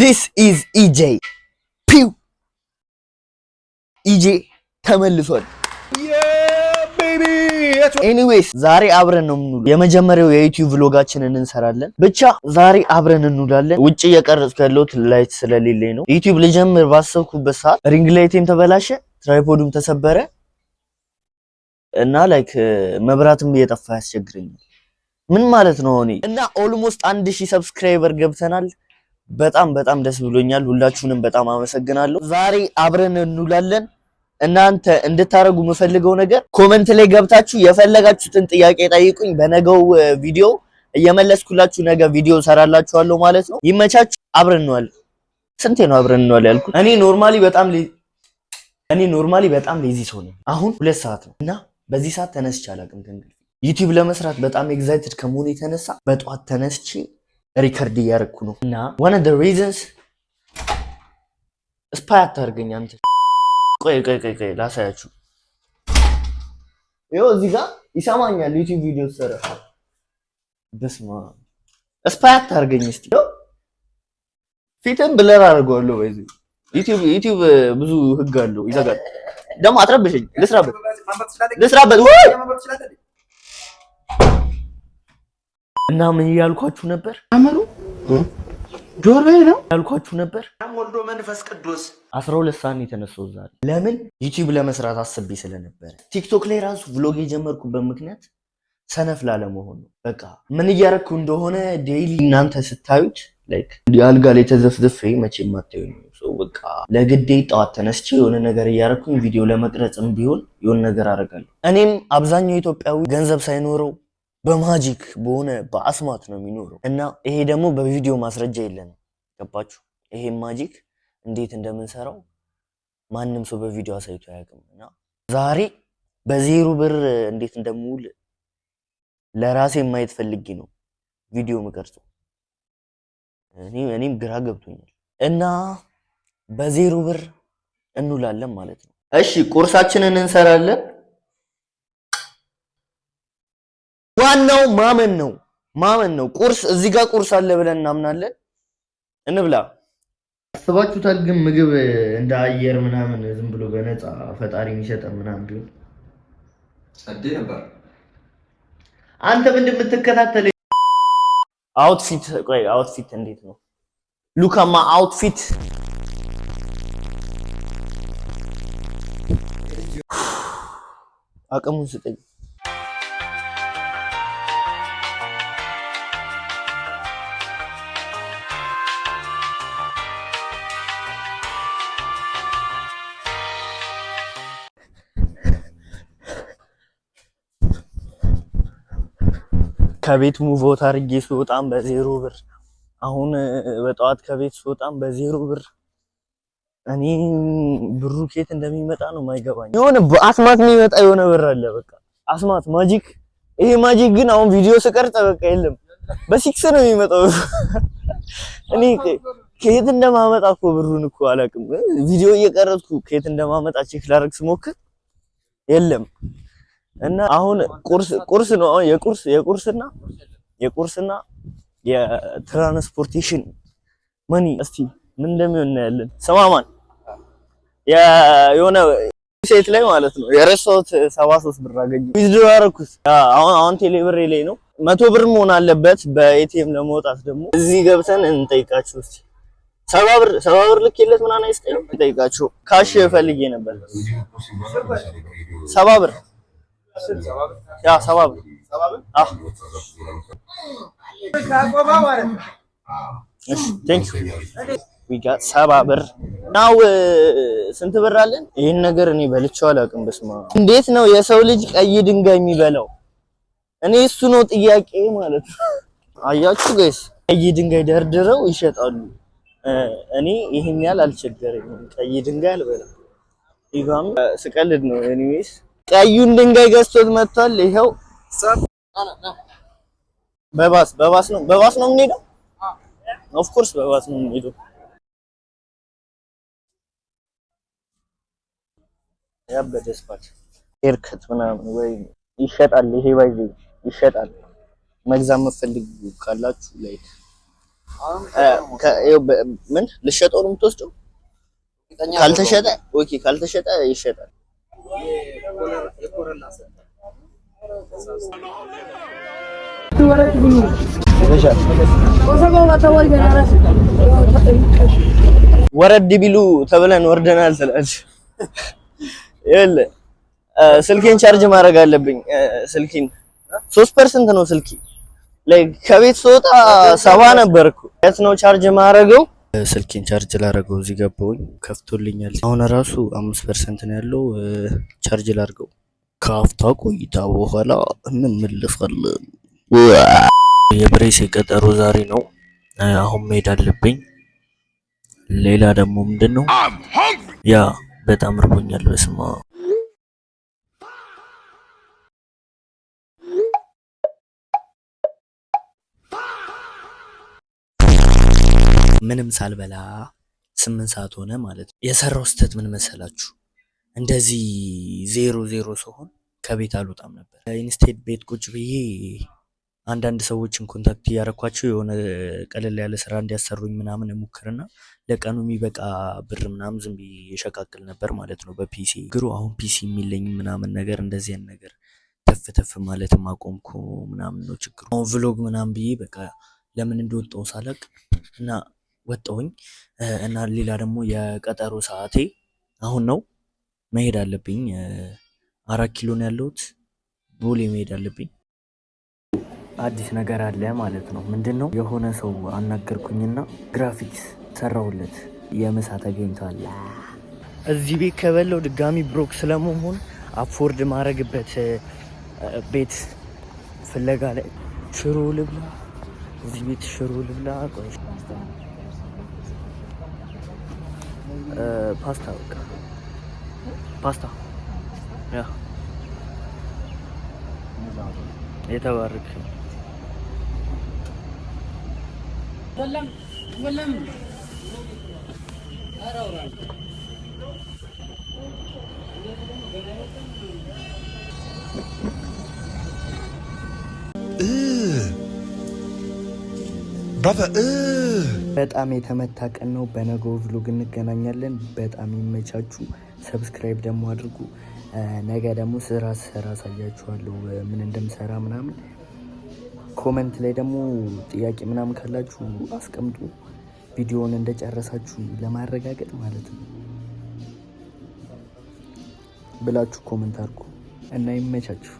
ዲስ ኢዝ ኢጄ ፒው ኢጄ ተመልሷል። ኤኒዌይስ ዛሬ አብረን ነው የምንውለው። የመጀመሪያው የዩቲዩብ ቭሎጋችንን እንሰራለን። ብቻ ዛሬ አብረን እንውላለን። ውጭ እየቀረጽኩ ያለሁት ላይት ስለሌለኝ ነው። ዩቲዩብ ልጀምር ባሰብኩበት ሰዓት ሪንግ ላይቴም ተበላሸ፣ ትራይፖዱም ተሰበረ እና ላይክ መብራትም እየጠፋ ያስቸግረኛል። ምን ማለት ነው እኔ እና ኦልሞስት አንድ ሺህ ሰብስክራይበር ገብተናል። በጣም በጣም ደስ ብሎኛል። ሁላችሁንም በጣም አመሰግናለሁ። ዛሬ አብረን እንውላለን። እናንተ እንድታደርጉ የምፈልገው ነገር ኮመንት ላይ ገብታችሁ የፈለጋችሁትን ጥያቄ ጠይቁኝ። በነገው ቪዲዮ እየመለስኩላችሁ ነገ ቪዲዮ ሰራላችኋለሁ ማለት ነው። ይመቻችሁ። አብረን እንውላለን። ስንቴ ነው አብረን እንውላለን ያልኩት? እኔ ኖርማሊ በጣም እኔ ኖርማሊ በጣም ሌዚ ሰው ነኝ። አሁን ሁለት ሰዓት ነው እና በዚህ ሰዓት ተነስቼ ዩቲዩብ ለመስራት በጣም ኤግዛይትድ ከመሆኑ የተነሳ በጠዋት ተነስቼ ሪከርድ እያደረግኩ ነው እና ዋን ኦፍ ዘ ሪዝንስ ስፓይ አታደርገኝ አንተ። ቆይ ቆይ ቆይ ቆይ ላሳያችሁ። ይኸው እዚህ ጋር ይሰማኛል። ዩቲዩብ ቪዲዮ ሰራ። በስማ ስፓይ አታደርገኝ እስቲ። ፊትን ብለር አድርገዋለሁ። በዚህ ዩቲዩብ ዩቲዩብ ብዙ ህግ አለው፣ ይዘጋል። ደግሞ አትረብሽኝ። ልስራበት ልስራበት ወይ እና ምን ያልኳችሁ ነበር? አመሉ ጆሮ ነው ያልኳችሁ ነበር። ወልዶ መንፈስ ቅዱስ አስራ ሁለት ሰዓት የተነሳው ዛሬ። ለምን ዩቲዩብ ለመስራት አስቤ ስለነበረ ቲክቶክ ላይ ራሱ ቭሎግ የጀመርኩበት ምክንያት ሰነፍ ላለመሆን በቃ ምን እያደረኩ እንደሆነ ዴይሊ እናንተ ስታዩት ላይክ አልጋ ላይ ተዘፍዘፍ መቼ ማታዩ ነው። በቃ ለግዴ ጠዋት ተነስቼ የሆነ ነገር እያደረኩኝ ቪዲዮ ለመቅረጽም ቢሆን የሆነ ነገር አደርጋለሁ። እኔም አብዛኛው ኢትዮጵያዊ ገንዘብ ሳይኖረው በማጂክ በሆነ በአስማት ነው የሚኖረው እና ይሄ ደግሞ በቪዲዮ ማስረጃ የለን። ገባችሁ? ይሄ ማጂክ እንዴት እንደምንሰራው ማንም ሰው በቪዲዮ አሳይቶ አያውቅም። እና ዛሬ በዜሮ ብር እንዴት እንደምውል ለራሴ ማየት ፈልጌ ነው ቪዲዮ ምቀርጸው። እኔም ግራ ገብቶኛል እና በዜሮ ብር እንውላለን ማለት ነው። እሺ ቁርሳችንን እንሰራለን ዋናው ማመን ነው፣ ማመን ነው። ቁርስ እዚህ ጋር ቁርስ አለ ብለን እናምናለን። እንብላ። አስባችሁታል? ግን ምግብ እንደ አየር ምናምን ዝም ብሎ በነፃ ፈጣሪ የሚሰጠ ምናምን ቢሆን ጸዴ ነበር። አንተ ምንድን የምትከታተለ አውትፊት? ቆይ አውትፊት እንዴት ነው ሉካማ አውትፊት አቅሙን ስጠኝ። ከቤት ሙቮት አድርጌ ስወጣም በዜሮ ብር፣ አሁን በጠዋት ከቤት ስወጣም በዜሮ ብር። እኔ ብሩ ኬት እንደሚመጣ ነው ማይገባኝ። የሆነ በአስማት የሚመጣ የሆነ ብር አለ፣ በቃ አስማት ማጂክ። ይሄ ማጂክ ግን አሁን ቪዲዮ ስቀርጽ በቃ የለም፣ በሲክስ ነው የሚመጣው። እኔ ከየት እንደማመጣ እኮ ብሩን እኮ አላውቅም። ቪዲዮ እየቀረጥኩ ከየት እንደማመጣ ቼክ ላደርግ ስሞክር የለም እና አሁን ቁርስ ቁርስ ነው አሁን የቁርስ የቁርስና የቁርስና የትራንስፖርቴሽን መኒ እስቲ ምን እንደሚሆን እናያለን። ሰማማን የሆነ ሴት ላይ ማለት ነው የረሳሁት ሰባ ሶስት ብር አገኘሁ ዊዝድሮ አደረኩት። አሁን አሁን ቴሌብሬ ላይ ነው መቶ ብር መሆን አለበት። በኤቲኤም ለመውጣት ደግሞ እዚህ ገብተን እንጠይቃችሁ እስቲ ሰባ ብር ሰባ ብር ልክ የለት ምናምን አይስጠይም። እንጠይቃችሁ ካሽ ፈልጌ ነበር ሰባ ብር ሰባብ ሰባ ብር ናው። uh, ስንት ብር አለን? ይህን ነገር እኔ በልቼው አላውቅም። በስመ አብ እንዴት ነው የሰው ልጅ ቀይ ድንጋይ የሚበላው? እኔ እሱ ነው ጥያቄ ማለት ነው። አያችሁ ጋይስ፣ ቀይ ድንጋይ ደርድረው ይሸጣሉ። እኔ ይሄን ያህል አልቸገረኝም። ቀይ ድንጋይ አልበላም። ይጋም ስቀልድ ነው ኤኒዌይስ ቀዩን ድንጋይ ገዝቶት መጥቷል። ይኸው በባስ በባስ ነው በባስ ነው የምንሄደው። ኦፍ ኮርስ በባስ ነው የምንሄደው። ያበደ ስፓች ኤርከት ምናምን ወይ ይሸጣል። ይሄ ባይዚ ይሸጣል። መግዛት መፈልግ ካላችሁ ላይ ምን ልሸጠው ነው የምትወስደው? ካልተሸጠ ኦኬ፣ ካልተሸጠ ይሸጣል። ወረድ ቢሉ ተብለን ወርደናል። ስላች ስልኬን ቻርጅ ማድረግ አለብኝ። ስልኬን ሶስት ፐርሰንት ነው ስልኬ። ከቤት ስወጣ ሰባ ነበርኩ። የት ነው ቻርጅ ማድረገው? ስልኬን ቻርጅ ላረገው እዚህ ገባሁኝ፣ ከፍቶልኛል። አሁን ራሱ አምስት ፐርሰንት ነው ያለው። ቻርጅ ላርገው። ከአፍታ ቆይታ በኋላ እንመለሳለን። የብሬስ የቀጠሮ ዛሬ ነው። አሁን መሄድ አለብኝ። ሌላ ደግሞ ምንድን ነው ያ በጣም እርቦኛል። በስማ ምንም ሳልበላ ስምንት ሰዓት ሆነ ማለት ነው። የሰራው ስህተት ምን መሰላችሁ? እንደዚህ ዜሮ ዜሮ ሲሆን ከቤት አልወጣም ነበር። ኢንስቴድ ቤት ቁጭ ብዬ አንዳንድ ሰዎችን ኮንታክት እያረኳቸው የሆነ ቀለል ያለ ስራ እንዲያሰሩኝ ምናምን እሞክርና ለቀኑ የሚበቃ ብር ምናምን ዝም ብዬ ነበር ማለት ነው በፒሲ ግሩ አሁን ፒሲ የሚለኝ ምናምን ነገር እንደዚህ ያን ነገር ተፍ ተፍ ማለት አቆምኩ ምናምን ነው ችግሩ። አሁን ቭሎግ ምናምን ብዬ በቃ ለምን እንደወጣው ሳላቅ እና ወጣሁኝ እና ሌላ ደግሞ የቀጠሮ ሰዓቴ አሁን ነው። መሄድ አለብኝ። አራት ኪሎ ነው ያለሁት። ቦሌ መሄድ አለብኝ። አዲስ ነገር አለ ማለት ነው። ምንድን ነው? የሆነ ሰው አናገርኩኝና ግራፊክስ ሰራሁለት። የምሳ ተገኝቷል። እዚህ ቤት ከበለው ድጋሚ ብሮክ ስለመሆን አፎርድ ማድረግበት ቤት ፍለጋ ላይ ሽሮ ልብላ። እዚህ ቤት ሽሮ ልብላ ፓስታ በቃ ፓስታ ያ የተባረክ Uh. በጣም የተመታ ቀን ነው። በነገው ቭሎግ እንገናኛለን። በጣም ይመቻችሁ። ሰብስክራይብ ደግሞ አድርጉ። ነገ ደግሞ ስራ ስራ አሳያችኋለሁ ምን እንደምሰራ ምናምን። ኮመንት ላይ ደግሞ ጥያቄ ምናምን ካላችሁ አስቀምጡ። ቪዲዮውን እንደጨረሳችሁ ለማረጋገጥ ማለት ነው ብላችሁ ኮመንት አድርጉ እና ይመቻችሁ።